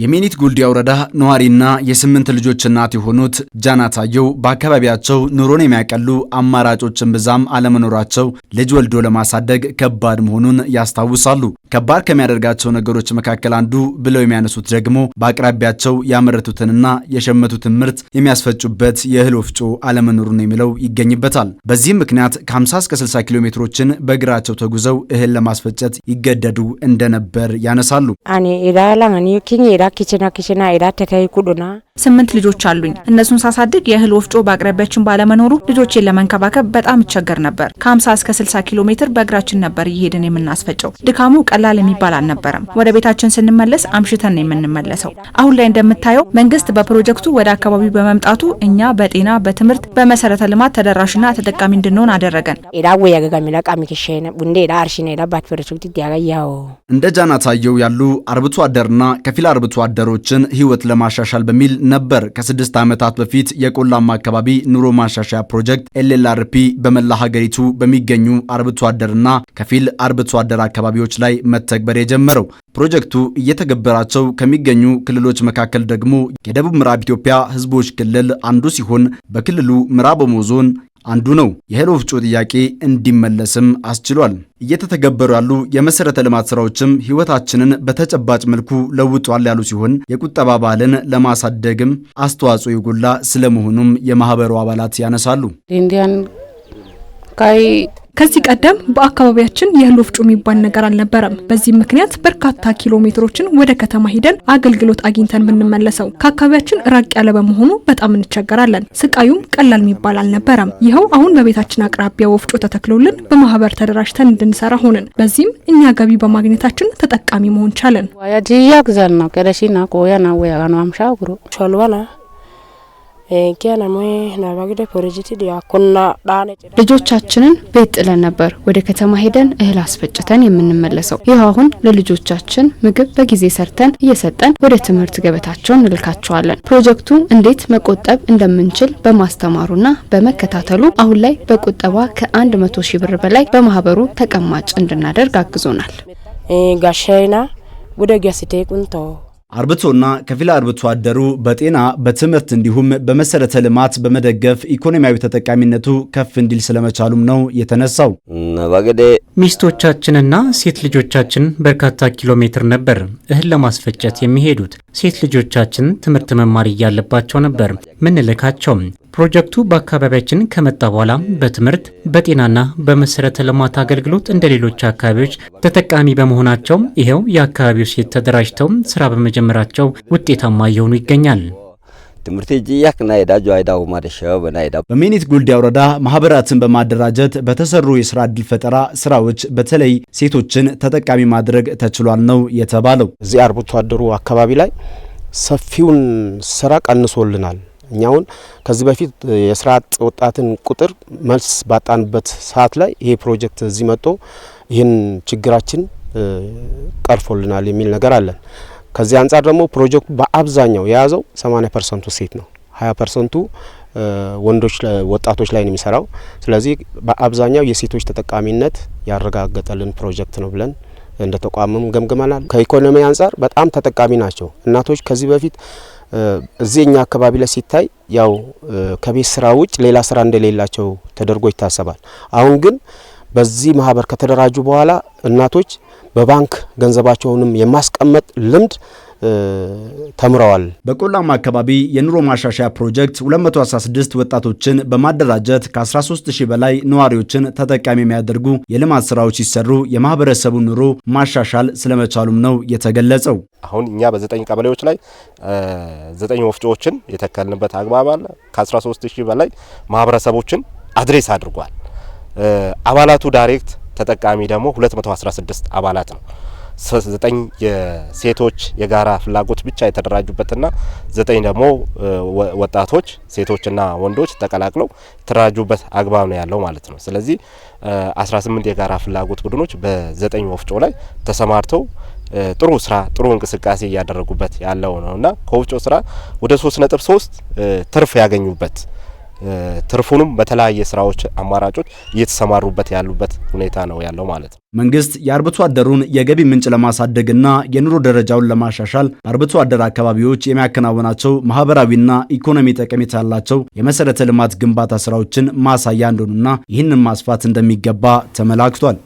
የሜኒት ጉልዲያ ወረዳ ነዋሪና የስምንት ልጆች እናት የሆኑት ጃና ታየው በአካባቢያቸው ኑሮን የሚያቀሉ አማራጮችን ብዛም አለመኖራቸው ልጅ ወልዶ ለማሳደግ ከባድ መሆኑን ያስታውሳሉ። ከባድ ከሚያደርጋቸው ነገሮች መካከል አንዱ ብለው የሚያነሱት ደግሞ በአቅራቢያቸው ያመረቱትንና የሸመቱትን ምርት የሚያስፈጩበት የእህል ወፍጮ አለመኖሩን የሚለው ይገኝበታል። በዚህም ምክንያት ከ50 እስከ 60 ኪሎ ሜትሮችን በእግራቸው ተጉዘው እህል ለማስፈጨት ይገደዱ እንደነበር ያነሳሉ። ኪችና ኪችና ኢዳ ተከይ ኩዱና ስምንት ልጆች አሉኝ። እነሱን ሳሳድግ የእህል ወፍጮ በአቅራቢያችን ባለመኖሩ ልጆቼን ለመንከባከብ በጣም ይቸገር ነበር። ከ50 እስከ 60 ኪሎ ሜትር በእግራችን ነበር እየሄድን የምናስፈጨው። ድካሙ ቀላል የሚባል አልነበረም። ወደ ቤታችን ስንመለስ አምሽተን ነው የምንመለሰው። አሁን ላይ እንደምታየው መንግስት በፕሮጀክቱ ወደ አካባቢው በመምጣቱ እኛ በጤና በትምህርት፣ በመሰረተ ልማት ተደራሽና ተጠቃሚ እንድንሆን አደረገን። እንደ ጃና ያሉ አርብቶ አደርና ከፊል አርብቶ አርብቶ አደሮችን ሕይወት ለማሻሻል በሚል ነበር ከስድስት ዓመታት በፊት የቆላማ አካባቢ ኑሮ ማሻሻያ ፕሮጀክት ኤልኤልአርፒ በመላ ሀገሪቱ በሚገኙ አርብቶ አደርና ከፊል አርብቶ አደር አካባቢዎች ላይ መተግበር የጀመረው። ፕሮጀክቱ እየተገበራቸው ከሚገኙ ክልሎች መካከል ደግሞ የደቡብ ምዕራብ ኢትዮጵያ ህዝቦች ክልል አንዱ ሲሆን በክልሉ ምዕራብ ኦሞ ዞን አንዱ ነው። የእህል ወፍጮ ጥያቄ እንዲመለስም አስችሏል። እየተተገበሩ ያሉ የመሰረተ ልማት ስራዎችም ህይወታችንን በተጨባጭ መልኩ ለውጧል ያሉ ሲሆን የቁጠባ ባህልን ለማሳደግም አስተዋጽኦ የጎላ ስለመሆኑም የማህበሩ አባላት ያነሳሉ። ከዚህ ቀደም በአካባቢያችን የእህል ወፍጮ የሚባል ነገር አልነበረም። በዚህም ምክንያት በርካታ ኪሎ ሜትሮችን ወደ ከተማ ሂደን አገልግሎት አግኝተን ብንመለሰው ከአካባቢያችን ራቅ ያለ በመሆኑ በጣም እንቸገራለን። ስቃዩም ቀላል የሚባል አልነበረም። ይኸው አሁን በቤታችን አቅራቢያ ወፍጮ ተተክሎልን በማህበር ተደራጅተን እንድንሰራ ሆንን። በዚህም እኛ ገቢ በማግኘታችን ተጠቃሚ መሆን ቻለን። ልጆቻችንን ቤት ጥለን ነበር ወደ ከተማ ሄደን እህል አስፈጭተን የምንመለሰው። ይህ አሁን ለልጆቻችን ምግብ በጊዜ ሰርተን እየሰጠን ወደ ትምህርት ገበታቸው እንልካቸዋለን። ፕሮጀክቱ እንዴት መቆጠብ እንደምንችል በማስተማሩና በመከታተሉ አሁን ላይ በቁጠባ ከአንድ መቶ ሺህ ብር በላይ በማህበሩ ተቀማጭ እንድናደርግ አግዞናል። ጋሻይና ጉደ ጊያሲቴ ቁንቶ አርብቶና ከፊል አርብቶ አደሩ በጤና በትምህርት እንዲሁም በመሰረተ ልማት በመደገፍ ኢኮኖሚያዊ ተጠቃሚነቱ ከፍ እንዲል ስለመቻሉም ነው የተነሳው። ሚስቶቻችንና ሴት ልጆቻችን በርካታ ኪሎ ሜትር ነበር እህል ለማስፈጨት የሚሄዱት። ሴት ልጆቻችን ትምህርት መማር እያለባቸው ነበር ምንልካቸው። ፕሮጀክቱ በአካባቢያችን ከመጣ በኋላ በትምህርት በጤናና በመሰረተ ልማት አገልግሎት እንደ ሌሎች አካባቢዎች ተጠቃሚ በመሆናቸው ይኸው የአካባቢው ሴት ተደራጅተው ስራ በመጀመራቸው ውጤታማ እየሆኑ ይገኛል። ትምህርት ጅያክ ናይዳ ጇይዳው ማደሸበ ናይዳ በሚኒት ጉልዲያ ወረዳ ማህበራትን በማደራጀት በተሰሩ የስራ እድል ፈጠራ ስራዎች በተለይ ሴቶችን ተጠቃሚ ማድረግ ተችሏል ነው የተባለው። እዚህ አርብቶ አደሩ አካባቢ ላይ ሰፊውን ስራ ቀንሶልናል። እኛውን ከዚህ በፊት የስራ አጥ ወጣትን ቁጥር መልስ ባጣንበት ሰዓት ላይ ይሄ ፕሮጀክት እዚህ መጥቶ ይህን ችግራችን ቀርፎልናል የሚል ነገር አለን። ከዚህ አንጻር ደግሞ ፕሮጀክቱ በአብዛኛው የያዘው 80 ፐርሰንቱ ሴት ነው። 20 ፐርሰንቱ ወንዶች ወጣቶች ላይ ነው የሚሰራው። ስለዚህ በአብዛኛው የሴቶች ተጠቃሚነት ያረጋገጠልን ፕሮጀክት ነው ብለን እንደ ተቋምም ገምግመናል። ከኢኮኖሚ አንጻር በጣም ተጠቃሚ ናቸው እናቶች። ከዚህ በፊት እዚህ እኛ አካባቢ ላይ ሲታይ ያው ከቤት ስራ ውጭ ሌላ ስራ እንደሌላቸው ተደርጎ ይታሰባል። አሁን ግን በዚህ ማህበር ከተደራጁ በኋላ እናቶች በባንክ ገንዘባቸውንም የማስቀመጥ ልምድ ተምረዋል። በቆላማ አካባቢ የኑሮ ማሻሻያ ፕሮጀክት 216 ወጣቶችን በማደራጀት ከ13000 በላይ ነዋሪዎችን ተጠቃሚ የሚያደርጉ የልማት ስራዎች ሲሰሩ የማህበረሰቡን ኑሮ ማሻሻል ስለመቻሉም ነው የተገለጸው። አሁን እኛ በዘጠኝ ቀበሌዎች ላይ ዘጠኝ ወፍጮዎችን የተከልንበት አግባብ አለ። ከ13000 በላይ ማህበረሰቦችን አድሬስ አድርጓል። አባላቱ ዳይሬክት ተጠቃሚ ደግሞ 216 አባላት ነው። ዘጠኝ የሴቶች የጋራ ፍላጎት ብቻ የተደራጁበትና ዘጠኝ ደግሞ ወጣቶች ሴቶችና ወንዶች ተቀላቅለው የተደራጁበት አግባብ ነው ያለው ማለት ነው። ስለዚህ 18 የጋራ ፍላጎት ቡድኖች በዘጠኝ ወፍጮ ላይ ተሰማርተው ጥሩ ስራ ጥሩ እንቅስቃሴ እያደረጉበት ያለው ነውና ከወፍጮ ስራ ወደ 3.3 ትርፍ ያገኙበት ትርፉንም በተለያየ ስራዎች አማራጮች እየተሰማሩበት ያሉበት ሁኔታ ነው ያለው ማለት ነው። መንግስት የአርብቶ አደሩን የገቢ ምንጭ ለማሳደግና የኑሮ ደረጃውን ለማሻሻል በአርብቶ አደር አካባቢዎች የሚያከናውናቸው ማህበራዊና ኢኮኖሚ ጠቀሜታ ያላቸው የመሰረተ ልማት ግንባታ ስራዎችን ማሳያ እንደሆኑና ይህንን ማስፋት እንደሚገባ ተመላክቷል።